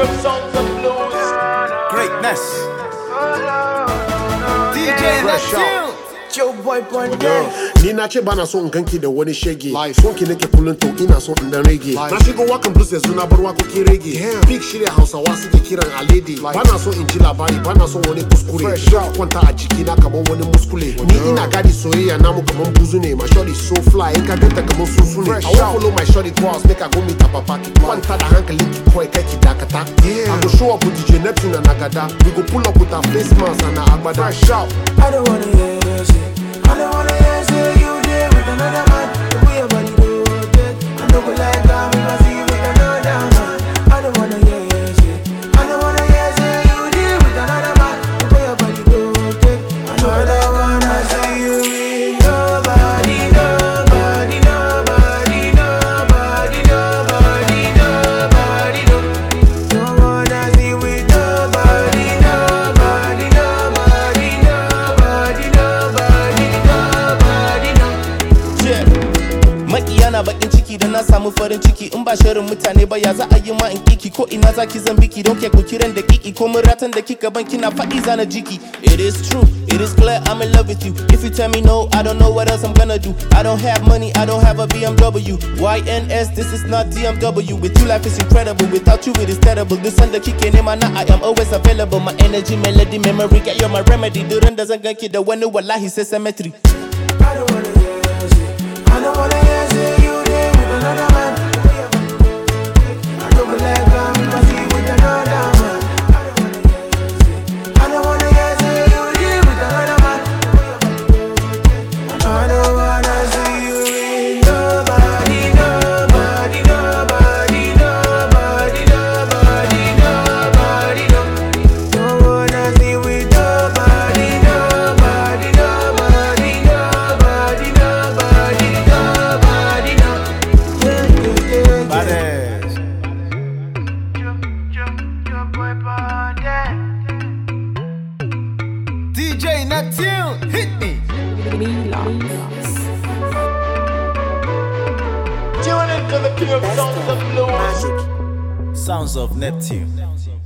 of songs of blues. Greatness. DJ that's you. Joe Boy Boy ni na ce bana ganki da wani shege son ki nake kullun to ina in dan na shigo wakan blues yanzu na big shirya hausawa suke kiran bana in ji labari bana wani kuskure kwanta a jiki na kamar wani muskule ni ina gadi soyayya kamar buzu ne my shorty so fly ka ganta kamar susu ne i follow my shorty cross make i go meet papa ki kwanta da hankali ki kai ki dakata i go show up with DJ Neptune and Agada we go pull up with our face mask and our agbada I don't wanna hear this I don't wanna hear this baki da na samu farin ciki in ba shirin mutane ba ya za a yi ma in kiki ko ina zaki zan biki don ke ku kiran da kiki ko mun ratan da kika ban kina faɗi zana jiki it is true it is clear I'm in love with you if you tell me no I don't know what else I'm gonna do I don't have money I don't have a BMW YNS this is not DMW with you life is incredible without you it is terrible this da kike nema na I am always available my energy melody memory get you my remedy duran da zan ganki da wani wallahi sai symmetry that tune. Hit me. Tune into the king of sounds of Sounds of Neptune.